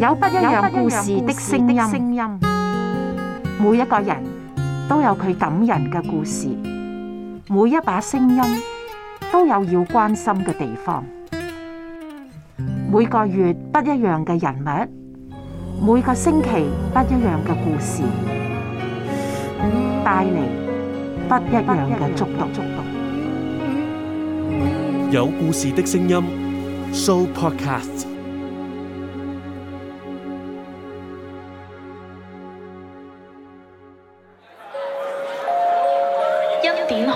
有不，有不一樣故事的聲音，每一個人都有佢感人嘅故事，每一把聲音都有要關心嘅地方。每個月不一樣嘅人物，每個星期不一樣嘅故事，帶嚟不一樣嘅觸動。觸動有故事的聲音 Show Podcast。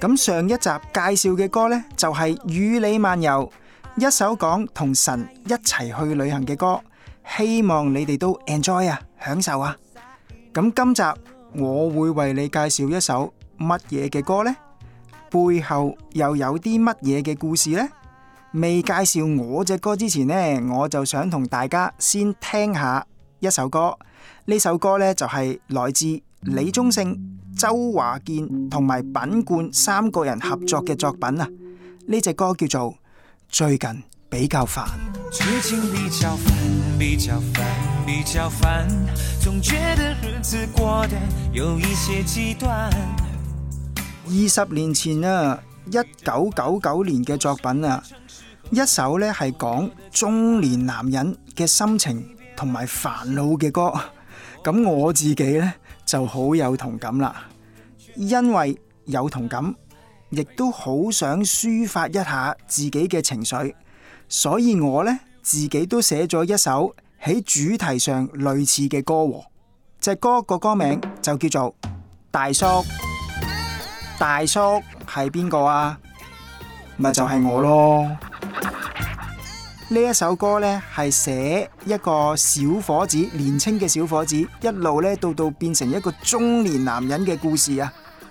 咁上一集介紹嘅歌呢，就係《與你漫遊》，一首講同神一齊去旅行嘅歌，希望你哋都 enjoy 啊，享受啊。咁今集我會為你介紹一首乜嘢嘅歌呢，背後又有啲乜嘢嘅故事呢？未介紹我隻歌之前呢，我就想同大家先聽下一首歌，呢首歌呢就係來自李宗盛。周華健同埋品冠三個人合作嘅作品啊，呢隻歌叫做最近比較煩。最近比較煩，比較煩，比較煩，總覺得日子過得有一些極端。二十年前啊，一九九九年嘅作品啊，一首呢係講中年男人嘅心情同埋煩惱嘅歌，咁我自己呢，就好有同感啦。因為有同感，亦都好想抒發一下自己嘅情緒，所以我呢，自己都寫咗一首喺主題上類似嘅歌。隻歌個歌名就叫做《大叔》，大叔係邊個啊？咪就係我咯。呢一首歌呢，係寫一個小伙子，年輕嘅小伙子一路呢，到到變成一個中年男人嘅故事啊！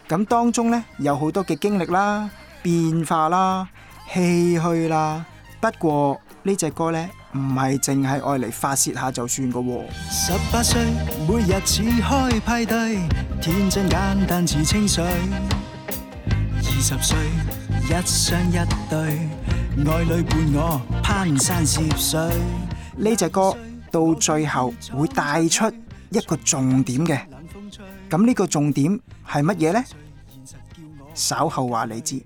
咁當中呢有好多嘅經歷啦、變化啦、唏嘘啦。不過呢隻歌呢唔係淨係愛嚟發泄下就算噶。十八歲每日似開派對，天真簡單似清水。二十歲一雙一對，愛侶伴我攀山涉水。呢隻歌到最後會帶出一個重點嘅。咁呢個重點係乜嘢呢？稍後話你知。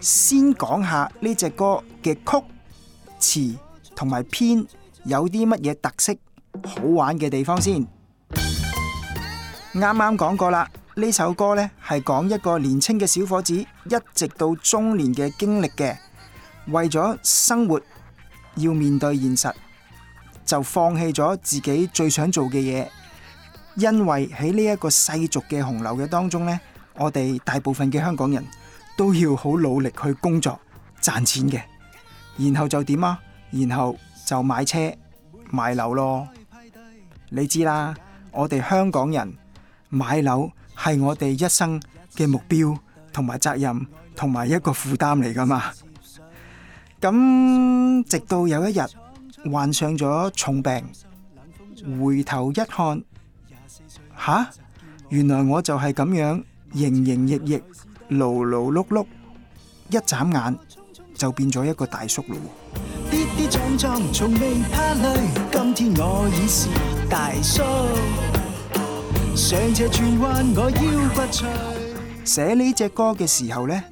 先講下呢隻歌嘅曲、詞同埋編有啲乜嘢特色、好玩嘅地方先。啱啱講過啦，呢首歌呢係講一個年輕嘅小伙子一直到中年嘅經歷嘅，為咗生活要面對現實，就放棄咗自己最想做嘅嘢。因為喺呢一個世俗嘅洪流嘅當中呢，我哋大部分嘅香港人都要好努力去工作賺錢嘅，然後就點啊？然後就買車買樓咯。你知啦，我哋香港人買樓係我哋一生嘅目標同埋責任同埋一個負擔嚟㗎嘛。咁直到有一日患上咗重病，回頭一看。吓！原來我就係咁樣，營營役役，勞勞碌碌，一眨眼就變咗一個大叔啦！跌跌撞撞，從未怕累，今天我已是大叔。上斜轉彎，我腰骨脆。寫呢隻歌嘅時候呢，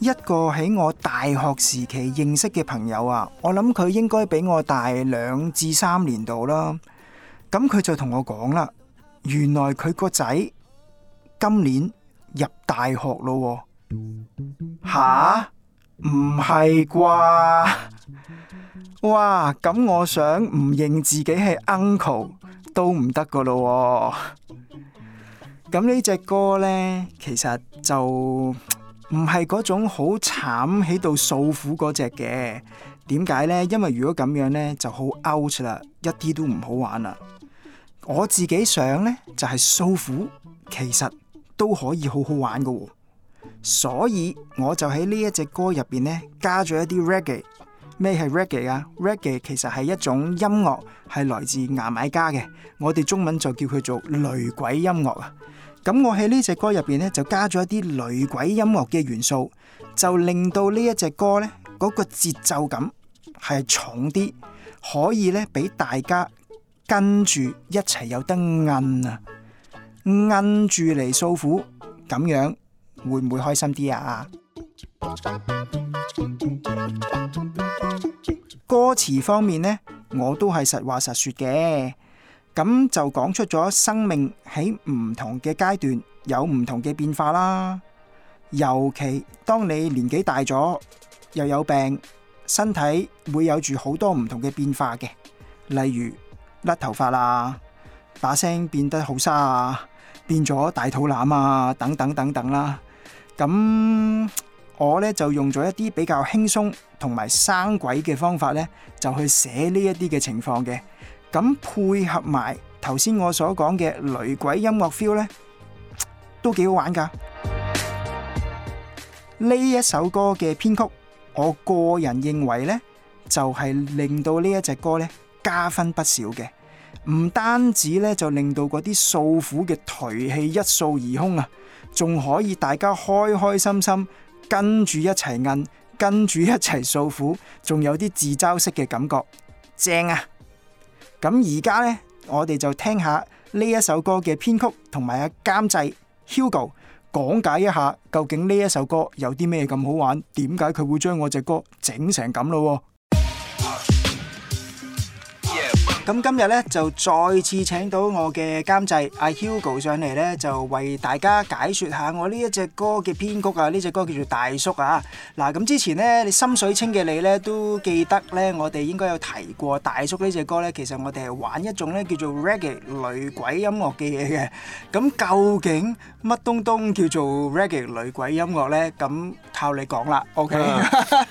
一個喺我大學時期認識嘅朋友啊，我諗佢應該比我大兩至三年度啦。咁佢就同我講啦。原來佢個仔今年入大學咯喎，吓？唔係啩？哇！咁我想唔認自己係 uncle 都唔得噶咯。咁呢隻歌呢，其實就唔係嗰種好慘喺度訴苦嗰隻嘅。點解呢？因為如果咁樣呢，就好 out 啦，一啲都唔好玩啦。我自己想呢，就係訴苦，其實都可以好好玩噶，所以我就喺呢一隻歌入邊呢，加咗一啲 reggae。咩係 reggae 啊？reggae 其實係一種音樂，係來自牙買加嘅，我哋中文就叫佢做雷鬼音樂啊。咁我喺呢隻歌入邊呢，就加咗一啲雷鬼音樂嘅元素，就令到呢一隻歌呢，嗰個節奏感係重啲，可以呢俾大家。跟住一齊有得摁啊，摁住嚟訴苦，咁樣會唔會開心啲啊？歌詞方面呢，我都係實話實說嘅，咁就講出咗生命喺唔同嘅階段有唔同嘅變化啦。尤其當你年紀大咗，又有病，身體會有住好多唔同嘅變化嘅，例如，甩頭髮啦，把聲變得好沙啊，變咗大肚腩啊，等等等等啦。咁我咧，就用咗一啲比較輕鬆同埋生鬼嘅方法咧，就去寫呢一啲嘅情況嘅。咁配合埋頭先我所講嘅雷鬼音樂 feel 咧，都幾好玩噶。呢一首歌嘅編曲，我個人認為咧，就係令到呢一隻歌咧加分不少嘅，唔單止咧就令到嗰啲訴苦嘅頹氣一掃而空啊，仲可以大家開開心心跟住一齊韌，跟住一齊訴苦，仲有啲自嘲式嘅感覺，正啊！咁而家呢，我哋就聽下呢一首歌嘅編曲，同埋阿監製 Hugo 講解一下，究竟呢一首歌有啲咩咁好玩，點解佢會將我隻歌整成咁咯。咁今日咧就再次請到我嘅監製阿 Hugo 上嚟咧，就為大家解説下我呢一隻歌嘅編曲啊！呢隻歌叫做《大叔》啊。嗱，咁之前咧，你心水清嘅你咧都記得咧，我哋應該有提過《大叔》呢隻歌咧。其實我哋係玩一種咧叫做 Reggae 雷鬼音樂嘅嘢嘅。咁究竟乜東東叫做 Reggae 雷鬼音樂咧？咁靠你講啦。OK。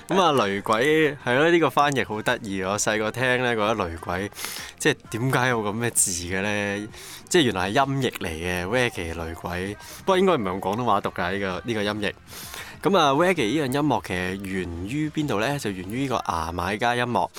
咁啊，雷鬼係咯，呢個翻譯好得意啊！我細個聽咧，覺得雷鬼。即係點解有咁嘅字嘅咧？即係原來係音譯嚟嘅，Reggae 雷鬼，不過應該唔係用廣東話讀㗎呢、呢個呢、呢個音譯。咁啊，Reggae 呢樣音樂其實源於邊度咧？就源於呢個牙買加音樂。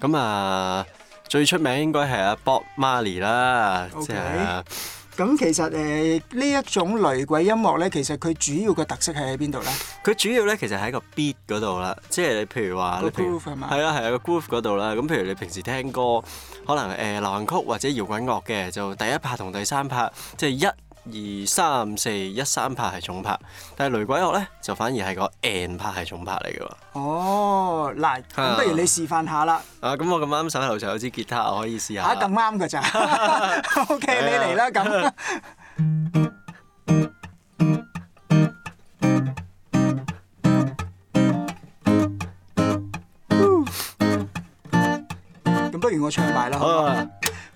咁啊，最出名應該係阿 Bob Marley 啦、Okay，即係。咁其實誒呢、呃、一種雷鬼音樂咧，其實佢主要嘅特色係喺邊度咧？佢主要咧其實喺個 beat 嗰度啦，即係譬如話，係啊係啊，groove 嗰度啦。咁譬如你平時聽歌，可能誒、呃、流行曲或者搖滾樂嘅，就第一拍同第三拍即係、就是、一，二三四一三拍係重拍，但係雷鬼樂咧就反而係個 N 拍係重拍嚟嘅喎。哦，嗱，咁不如你示範下啦。啊，咁我咁啱手頭上有支吉他，我可以試下。嚇，咁啱嘅咋？OK，你嚟啦，咁。咁不如我唱埋啦，好嘛？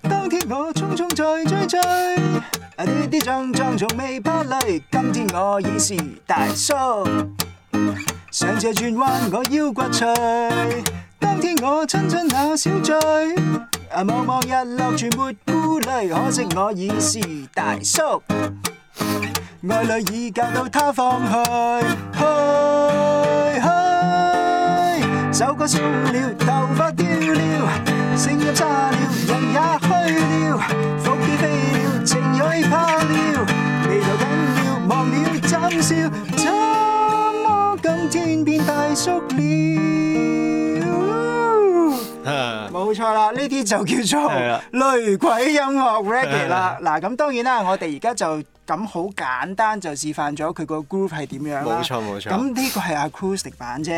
當天我匆匆在追追。啊！跌跌撞撞從未不累，今天我已是大叔。上斜轉彎，我腰骨脆。當天我親親那小嘴。啊！望望日落全沒顧慮，可惜我已是大叔。愛侶已嫁到他方去，去去。手腳鬆了，頭髮掉了，聲音沙了，人也虛了，腹肌飛。冇錯啦，呢啲 就叫做雷鬼音樂，Reggae 啦。 嗱，咁當然啦，我哋而家就。咁好簡單就示範咗佢個 groove 係點樣啦。冇錯冇錯。咁呢個係 acoustic 版啫。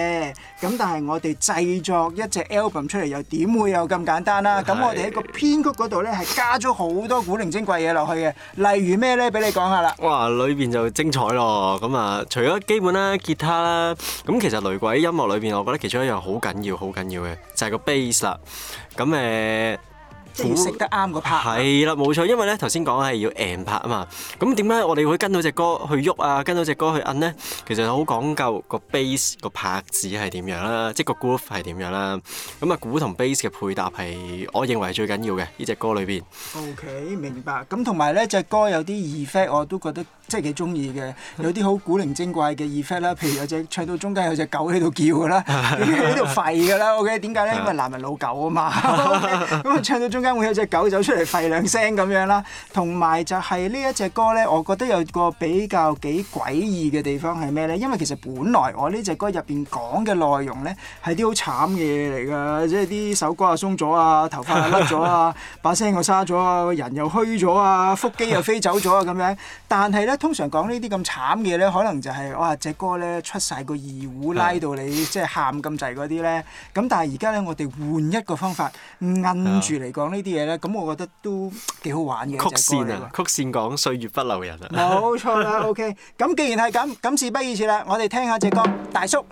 咁但係我哋製作一隻 album 出嚟又點會有咁簡單啦？咁我哋喺個編曲嗰度呢係加咗好多古靈精怪嘢落去嘅，例如咩呢？俾你講下啦。哇！裏邊就精彩咯。咁啊，除咗基本啦、吉他啦，咁其實雷鬼音樂裏邊，我覺得其中一樣好緊要、好緊要嘅就係個 bass 啦。咁誒。即係食得啱個拍，係啦冇錯，因為咧頭先講係要硬拍啊嘛。咁點解我哋會跟到隻歌去喐啊，跟到隻歌去摁呢？其實好講究個 base 個拍子係點樣啦，即係個 groove 係點樣啦。咁啊鼓同 base 嘅配搭係，我認為係最緊要嘅呢隻歌裏邊。OK 明白。咁同埋呢隻歌有啲 effect 我都覺得即係幾中意嘅，有啲好古靈精怪嘅 effect 啦，譬如有隻唱到中間有隻狗喺度叫噶啦，喺 度 吠噶啦。OK 點解呢？ 因為男人老狗啊嘛。OK 咁 唱到中。中間會有隻狗走出嚟吠兩聲咁樣啦，同埋就係呢一隻歌咧，我覺得有個比較幾詭異嘅地方係咩咧？因為其實本來我呢隻歌入邊講嘅內容咧，係啲好慘嘅嘢嚟噶，即係啲手骨啊鬆咗啊，頭髮啊甩咗啊，把聲又沙咗啊，個人又虛咗啊，腹肌又飛走咗啊咁樣。但係咧，通常講呢啲咁慘嘅咧，可能就係哇隻歌咧出晒個二胡拉到你即係喊咁滯嗰啲咧。咁但係而家咧，我哋換一個方法摁住嚟講。呢啲嘢咧，咁我覺得都幾好玩嘅，啊。曲線啊，曲線講歲月不留人啊。冇錯啦 ，OK。咁既然係咁，咁事不宜遲啦，我哋聽下隻歌，大叔。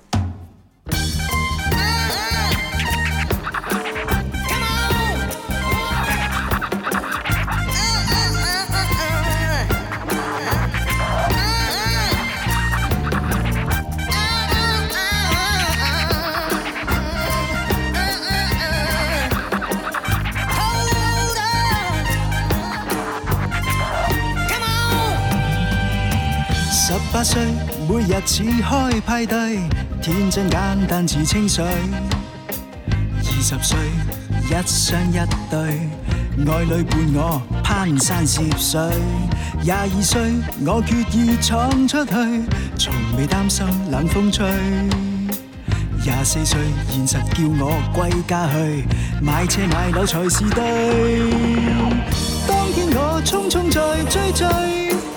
十八歲，每日似開派對，天真簡單似清水。二十歲，一雙一對，愛侶伴我攀山涉水。廿二歲，我決意闖出去，從未擔心冷風吹。廿四歲，現實叫我歸家去，買車買樓才是對。當天我匆匆在追追。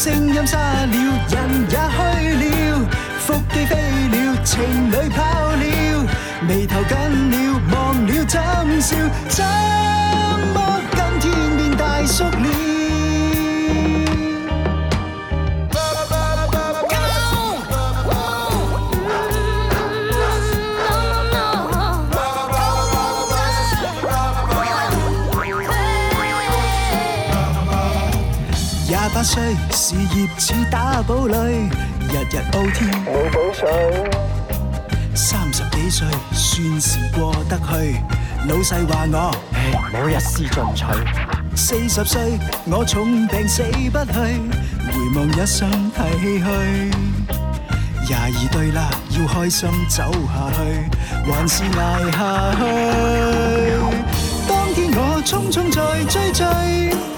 聲音沙了，人也去了，腹肌飛了，情侶跑了，眉頭緊了，忘了怎笑，怎麼？廿八歲，事業似打保壘，日日報天。冇補水。三十幾歲，算是過得去。老細話我，唉，冇日思進取。四十歲，我重病死不去，回望一生太唏噓。廿二對啦，要開心走下去，還是捱下去？當天我匆匆在追追。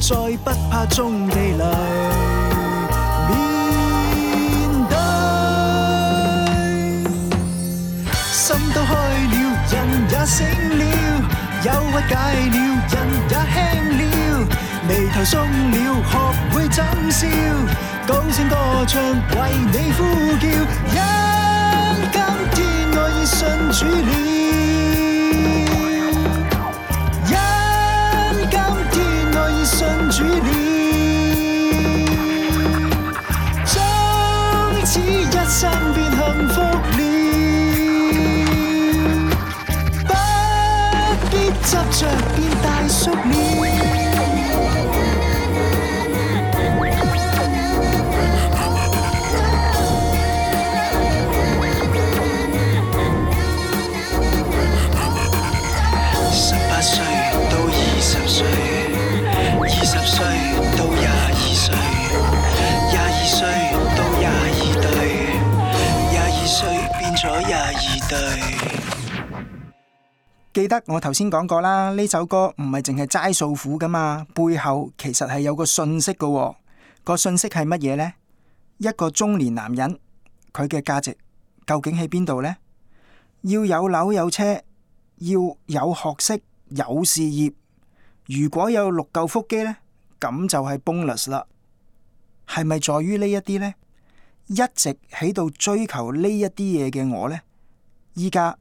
再不怕中地雷，面對，心都開了，人也醒了，憂鬱解了，人也輕了，眉頭鬆了，學會怎笑，高聲歌唱為你呼叫，因今天我已信主了。我頭先講過啦，呢首歌唔係淨係齋訴苦噶嘛，背後其實係有個訊息噶喎。個訊息係乜嘢呢？一個中年男人佢嘅價值究竟喺邊度呢？要有樓有車，要有學識有事業，如果有六嚿腹肌呢，咁就係 bonus 啦。係咪在於呢一啲呢？一直喺度追求呢一啲嘢嘅我呢？依家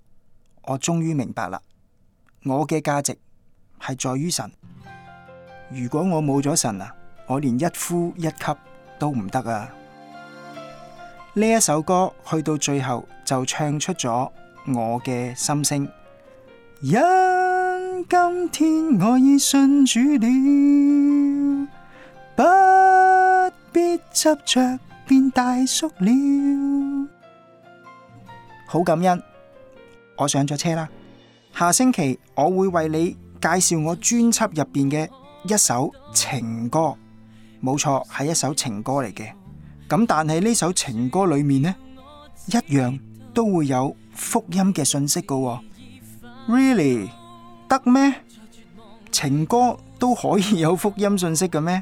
我終於明白啦。我嘅價值係在於神。如果我冇咗神啊，我連一呼一吸都唔得啊！呢一首歌去到最後就唱出咗我嘅心聲。因今天我已信主了，不必執着變大叔了。好感恩，我上咗車啦。下星期我會為你介紹我專輯入邊嘅一首情歌，冇錯，係一首情歌嚟嘅。咁但係呢首情歌裏面呢，一樣都會有福音嘅信息㗎喎。Really？得咩？情歌都可以有福音信息嘅咩？